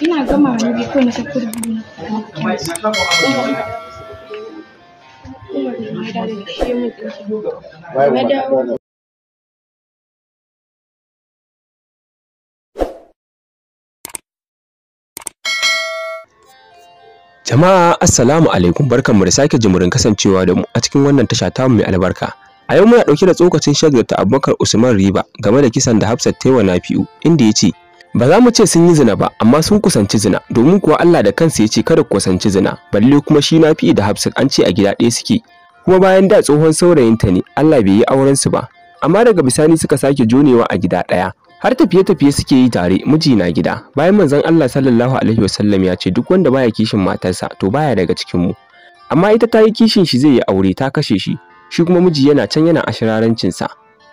ina gama na biyu Kuma na da na Jama'a assalamu alaikum barkanmu da sake jimurin kasancewa da mu a cikin wannan tasha ta mu mai albarka. A yau muna ɗauke da tsokacin shagar ta Abubakar Usman Riba game da kisan da Hafsat wa Nafi'u inda ya ce Ba za mu ce sun yi zina ba, amma sun kusanci zina, domin kuwa Allah da kansa ya ce kada ku kusanci zina, balle kuma shi nafi da Hafsat an ce a gida ɗaya suke. Kuma bayan da tsohon saurayinta ne, Allah bai yi auren su ba. Amma daga bisani suka sake jonewa a gida ɗaya. Har tafiye-tafiye suke yi tare, miji na gida. Bayan manzon Allah sallallahu alaihi wasallam ya ce duk wanda baya kishin matarsa to baya daga cikin mu. Amma ita ta yi kishin shi zai yi aure ta kashe shi, shi kuma miji yana can yana sa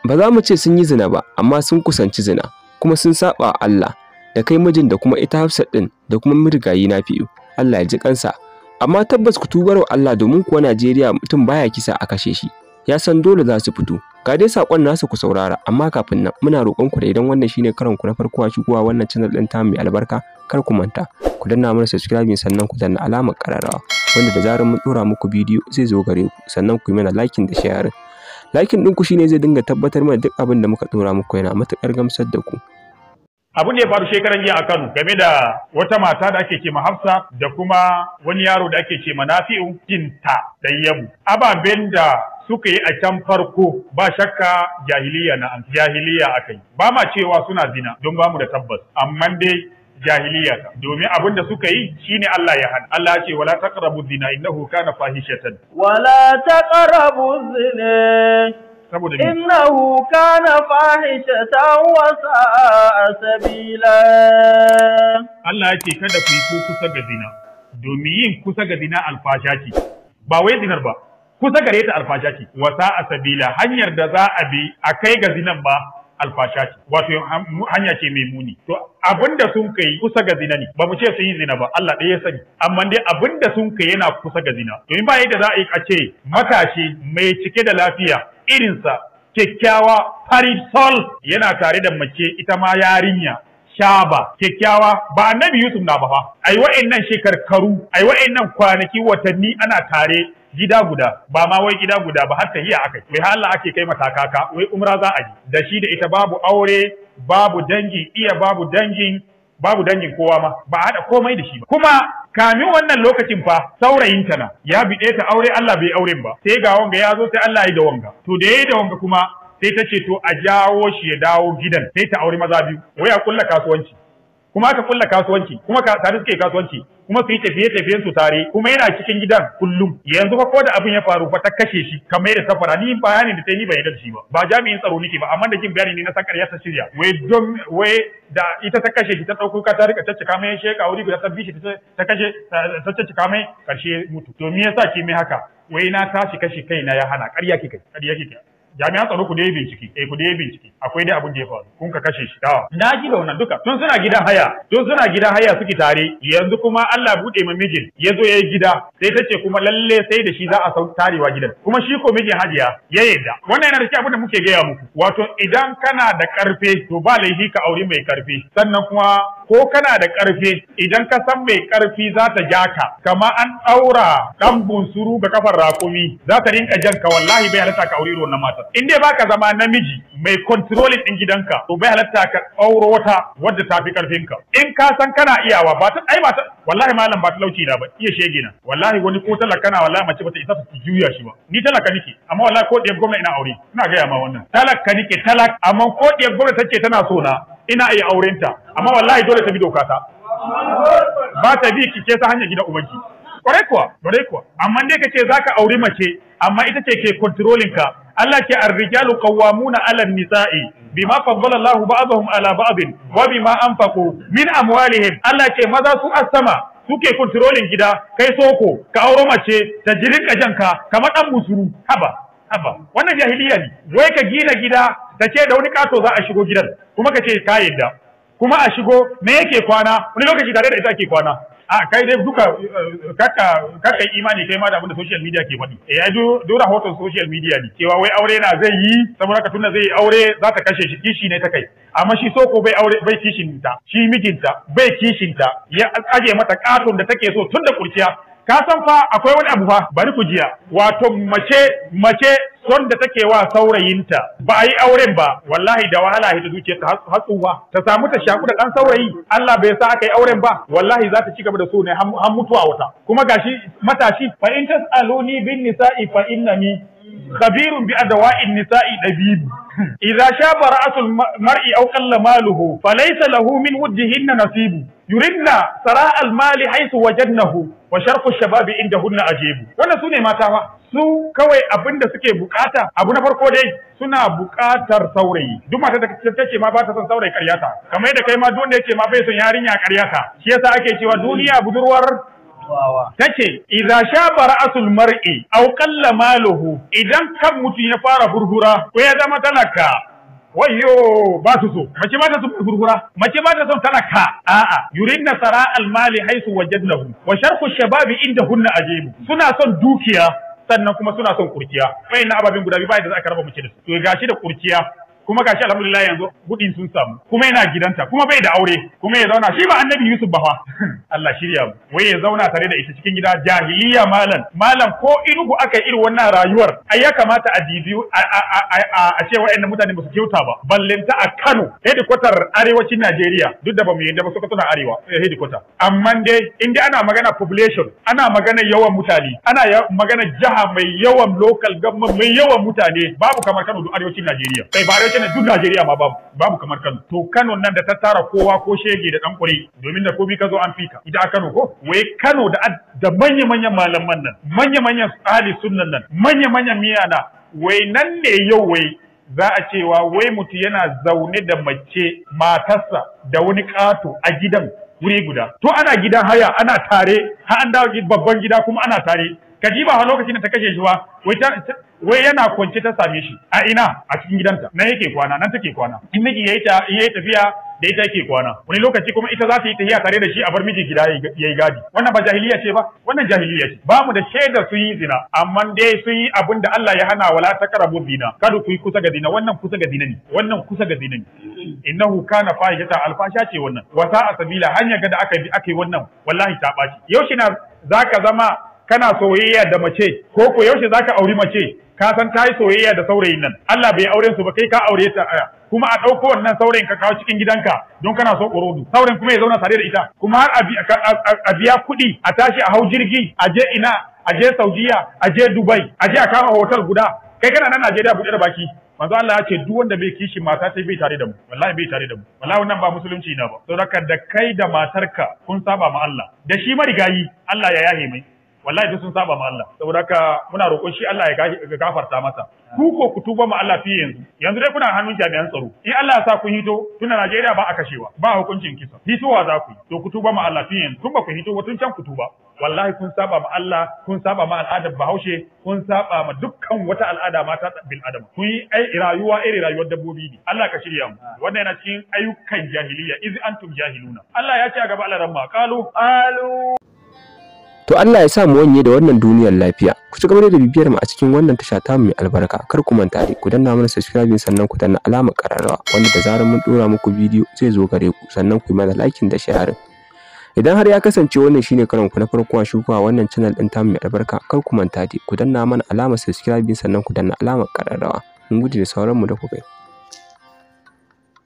Ba za mu ce sun yi zina ba, amma sun kusanci zina. kuma sun saba Allah da kai mijin da kuma ita Hafsat din da kuma na Nafi'u Allah ya ji kansa amma tabbas ku tubar wa Allah domin kuwa Najeriya mutum baya kisa a kashe shi ya san dole za su fito ga dai sakon nasu ku saurara amma kafin nan muna roƙon ku da idan wannan shine karan ku na farko a shigowa wannan channel din ta mai albarka kar ku manta ku danna mana subscribe sannan ku danna alamar kararrawa wanda da zarar mun dora muku bidiyo zai zo gare ku sannan ku yi mana liking da share Lakin ɗinku shine zai dinga tabbatar mana duk abin da muka ɗora muku yana matuƙar gamsar da ku. Abin da ya faru shekaran jiya a Kano game da wata mata da ake ce ma Hafsa da kuma wani yaro da ake ce ma Nafi'u jinta da yabu. Ababen da suka yi a can farko ba shakka jahiliya na an jahiliya akai ba ma cewa suna zina don ba mu da tabbas amma dai jahiliya ta. domin abin da suka yi shine Allah ya hana Allah ya ce wala taqrabu zina innahu kana fahishatan wala taqrabu zina saboda innahu kana fahishatan wa sa'a sabila Allah ya ce kada ku yi kusa ga zina domin yin kusa ga zina alfasha ce ba wai zinar ba kusa gare ta alfasha ce wa sa'a sabila hanyar da za a bi a kai ga zinan ba alfasha ce wato hanya ce mai muni to abinda sun kai kusa ga zina ne ba mu ce su yi zina ba Allah ɗaya ya sani amma dai abinda sun kai yana kusa ga zina to in ba yadda za a yi a ce matashi mai cike da lafiya irinsa kyakkyawa farisol yana tare da mace ita ma yarinya shaba kyakkyawa ba annabi Yusuf na ba fa ai wa'annan shekarkaru ai wa'annan kwanaki watanni ana tare gida guda ba ma wai gida guda ba har tahiya akai wai Allah ake kai mata kaka wai umra za a yi da shi da ita babu aure babu dangi iya babu dangin babu dangin kowa ma ba haɗa komai da shi ba kuma kamin wannan lokacin fa saurayin ta ya biɗe ta aure Allah bai auren ba sai ga wanga ya zo sai Allah ya da wanga to da yayi da wanga kuma sai ta ce to a jawo shi ya dawo gidan sai ta aure maza biyu wai a kulla kasuwanci kuma aka kulla kasuwanci kuma tare suke kasuwanci kuma su yi tafiye tafiyen su tare kuma yana cikin gidan kullum yanzu fa ko da abin ya faru fa ta kashe shi kamar da safara ni bayanin da sai ni bai da shi ba ba jami'in tsaro nake ba amma da jin bayani ne na sakar yasa ta shirya wai don wai da ita ta kashe shi ta dauko ka ta rika caccaka mai sheka wuri guda ta bishi ta kashe ta caccaka mai karshe mutu to me yasa ki mai haka wai na tashi kai na ya hana ƙarya kike ƙarya kike jami'an tsaro ku dai bincike eh ku dai bincike akwai dai abin da ya faru kun ka kashe shi dawa na ji da wannan duka tun suna gidan haya tun suna gidan haya suke tare yanzu kuma Allah bude ma mijin ya zo yayi gida sai ta ce kuma lalle sai da shi za a sau tarewa gidan kuma shi ko mijin hajiya ya yarda. wannan yana da abin da muke gaya muku wato idan kana da karfe to ba laifi ka aure mai karfi sannan kuma ko kana da ƙarfi idan ka san mai ƙarfi za ta ja ka kama an ɗaura ɗan bunsuru ga kafar rakumi za ta rinka jan ka wallahi bai halatta ka aure na mata in dai baka zama namiji mai controlling ɗin gidanka to bai halatta ka ɗauro wata wadda ta fi ƙarfin ka. in ka san kana iyawa ba ta ai ba ta wallahi malam ba ta lauci na ba iya shege na wallahi wani ko talaka na wallahi mace bata isa ta juya shi ba ni talaka nike amma wallahi ko ɗiyar gwamna ina aure ina gaya ma wannan talaka nike talak amma ko ɗiyar gwamna take tana so na ina iya aurenta amma wallahi dole ta bi doka ta ba ta bi kike ta sa hanya gidan ubanki kore kuwa kwarai kuwa amma dai kace zaka auri mace amma ita ce ke controlling ka Allah ke ar-rijalu qawwamuna 'ala an-nisa'i bima faddala Allahu ba'dahum 'ala ba'd wa bima anfaqu min amwalihim Allah ke maza su asama sama suke kontrolin gida kai soko ka auro mace ta jirin kajanka kamar dan musuru haba haba wannan jahiliya ne wai ka gina gida ta ce da wani kato za a shigo gidan kuma ka ce ka yadda kuma a shigo me yake kwana wani lokaci tare da ita ake kwana a kai dai duka eh, kaka kaka imani kai ma da abin da social media ke faɗi eh ai dora hoton social media ne cewa wai aure na zai yi saboda ka tunda zai yi aure za ta kashe shi kishi ne ta kai amma shi so bai aure bai kishin ta shi mijinta bai kishin ta ya aje mata katon da take so tun da kurciya ka san fa akwai wani abu fa bari ku jiya wato mace mace son da take wa saurayinta ba a yi auren ba wallahi da wahala ita duke ta hatsuwa ta samu ta shaku da dan saurayi Allah bai sa aka yi auren ba wallahi za ta ci gaba da so ne har mutuwa wata kuma gashi matashi fa in tasaluni bin nisa'i fa innani khabirun bi adwa'in nisa'i dabibu Iza shaba ra'atul mar'i aw qalla maluhu falaysa lahu min wujhihinna nasibu yuridna sara'al mali haythu nahu. wa sharqu shababi indahunna ajibu wannan sune mata fa su kawai abinda suke bukata abu na farko dai suna buƙatar saurayi duk mata da take ba ta son saurayi karyata kamar yadda kai ma duk wanda yake bai son yarinya karyata shi yasa ake cewa duniya budurwar tace idza shaba ra'sul mar'i aw qalla maluhu idan kan mutum ya fara furfura ko ya zama talaka wayyo ba su so mace ba ta so gurgura mace ba ta so talaka a'a yuridna sara almali haisu wajadnahu wa sharhu shababi inda hunna ajibu suna son dukiya sannan kuma suna son kurciya wayannan ababin guda biyu ba da za ka raba mace da su to gashi da kurciya kuma shi alhamdulillah yanzu gudin sun samu kuma yana gidanta kuma bai da aure kuma ya zauna shi ba annabi Yusuf ba fa Allah shirya mu wai ya zauna tare da ita cikin gida jahiliya malam malam ko irugu aka irin wannan rayuwar ai ya kamata a dibi a ce waɗannan mutane ba su kyauta ba ballanta a Kano hedikwatar arewacin Najeriya duk da bamu mu yanda ba suka tana arewa eh, headquarter amma dai in ana magana population ana magana yawan mutane ana magana jiha mai yawan local government mai yawan mutane babu kamar Kano duk arewacin Najeriya kai ba arewacin kenan duk Najeriya ma babu babu kamar Kano to Kano nan da ta tara kowa ko shege da dan domin da komi ka zo an fika ita a Kano ko wai Kano da da manya-manyan malaman nan manya-manyan ahli sunnan nan manya-manyan na, wai nan ne yau wai za a cewa wai mutu yana zaune da mace matarsa da wani kato a gidan wuri guda to ana gidan haya ana tare har an dawo babban gida kuma ana tare ka ji ba lokacin da ta kashe shi ba wai yana kwance ta same shi a ina a cikin gidanta nan yake kwana nan take kwana in miji yayi tafiya da ita yake kwana wani lokaci kuma ita za ta yi tafiya tare da shi a bar miji gida yi gadi wannan ba jahiliya ce ba wannan jahiliya ce ba mu da shaidar su yi zina amma dai sun yi abin da Allah ya hana wala taqrabu zina kada ku yi kusa ga zina wannan kusa ga zina ne wannan kusa ga zina ne innahu kana fahishata alfasha ce wannan Wasa asabila hanya ga da aka bi aka yi wannan wallahi ta baci Yaushe na zaka zama kana soyayya da mace ko ko yaushe zaka auri mace ka san kai soyayya da saurayin nan Allah bai aure su ba kai ka aure ta kuma a ɗauko wannan saurayin ka kawo cikin gidanka don kana so korodu. saurin kuma ya zauna tare da ita kuma har a biya kuɗi a tashi a hau jirgi a je ina a je Saudiya a je Dubai a je a kama hotel guda kai kana nan Najeriya buɗe da baki manzo Allah ya ce duk wanda bai kishi mata sai bai tare da mu wallahi bai tare da mu wallahi wannan ba musulunci na ba saboda da kai da matarka kun saba ma Allah da shi marigayi Allah ya yahe mai wallahi duk sun saba ma Allah saboda haka muna roƙon shi Allah ya gafarta masa ku ko ku tuba ma Allah fi yanzu yanzu dai kuna hannun jami'an tsaro in Allah ya sa ku hito tuna Najeriya ba a kashewa ba hukuncin kisa hitowa za ku yi to ku tuba ma Allah fi yanzu tun ba ku hito tun can ku tuba wallahi kun saba ma Allah kun saba ma al'adar Bahaushe kun saba ma dukkan wata al'ada mata bil adam kun yi ai rayuwa irin rayuwar dabbobi ne Allah ka shirya mu wannan yana cikin ayyukan jahiliya iz antum jahiluna Allah ya ce a gaba Allah ramma qalu qalu To Allah ya sa mu wanye da wannan duniyar lafiya. Ku ci gaba da bibiyar mu a cikin wannan tasha ta mai albarka. Kar ku manta dai ku danna mana subscribe sannan ku danna alamar kararrawa wanda da zarar mun dora muku bidiyo zai zo gare ku sannan ku yi mana like da share. Idan har ya kasance wannan shine karon ku na farko a shuka wannan channel din ta mai albarka kar ku manta dai ku danna mana alamar subscribe sannan ku danna alamar kararrawa. Mun gode da sauran mu da ku kai.